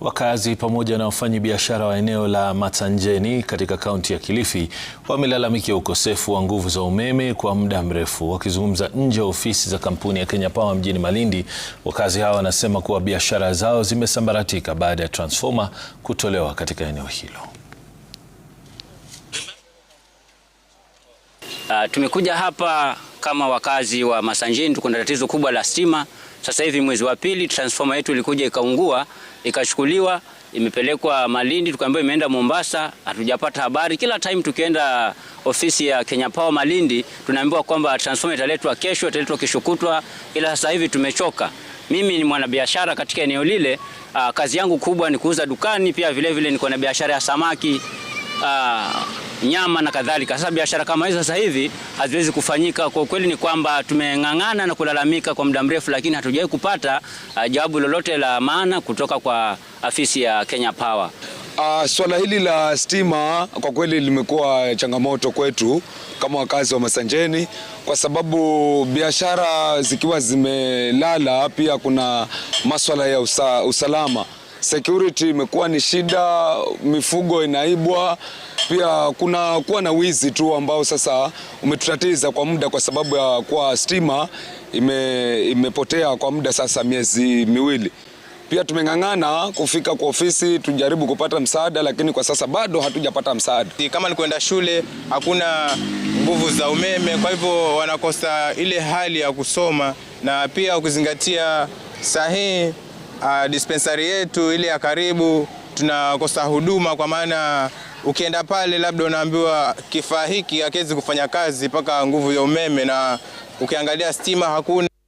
Wakazi pamoja na wafanyabiashara wa eneo la matanjeni katika kaunti ya Kilifi wamelalamikia ukosefu wa nguvu za umeme kwa muda mrefu. Wakizungumza nje ya ofisi za kampuni ya Kenya Power mjini Malindi, wakazi hao wanasema kuwa biashara zao zimesambaratika baada ya transfoma kutolewa katika eneo hilo. Uh, tumekuja hapa kama wakazi wa Masanjini tuko na tatizo kubwa la stima. Sasa hivi mwezi wa pili transformer yetu ilikuja ikaungua, ikachukuliwa, imepelekwa Malindi, tukaambiwa imeenda Mombasa, hatujapata habari. Kila time tukienda ofisi ya Kenya Power Malindi, tunaambiwa kwamba transformer italetwa kesho, italetwa kishukutwa, ila sasa hivi tumechoka. Mimi ni mwanabiashara katika eneo lile. Ah, kazi yangu kubwa ni kuuza dukani, pia vilevile niko na biashara ya samaki. Aa, ah, nyama na kadhalika. Sasa biashara kama hizo sasa hivi haziwezi kufanyika. Kwa kweli ni kwamba tumeng'ang'ana na kulalamika kwa muda mrefu, lakini hatujawahi kupata uh, jawabu lolote la maana kutoka kwa afisi ya Kenya Power. Uh, swala hili la stima kwa kweli limekuwa changamoto kwetu kama wakazi wa Masanjeni kwa sababu biashara zikiwa zimelala, pia kuna maswala ya usa, usalama security imekuwa ni shida, mifugo inaibwa, pia kuna kuwa na wizi tu ambao sasa umetutatiza kwa muda, kwa sababu ya kuwa stima ime, imepotea kwa muda sasa miezi miwili. Pia tumeng'ang'ana kufika kwa ofisi tujaribu kupata msaada, lakini kwa sasa bado hatujapata msaada. Kama ni kwenda shule, hakuna nguvu za umeme, kwa hivyo wanakosa ile hali ya kusoma, na pia ukizingatia sahihi uh, ah, dispensari yetu ile ya karibu tunakosa huduma, kwa maana ukienda pale labda unaambiwa kifaa hiki hakiwezi kufanya kazi mpaka nguvu ya umeme, na ukiangalia stima hakuna.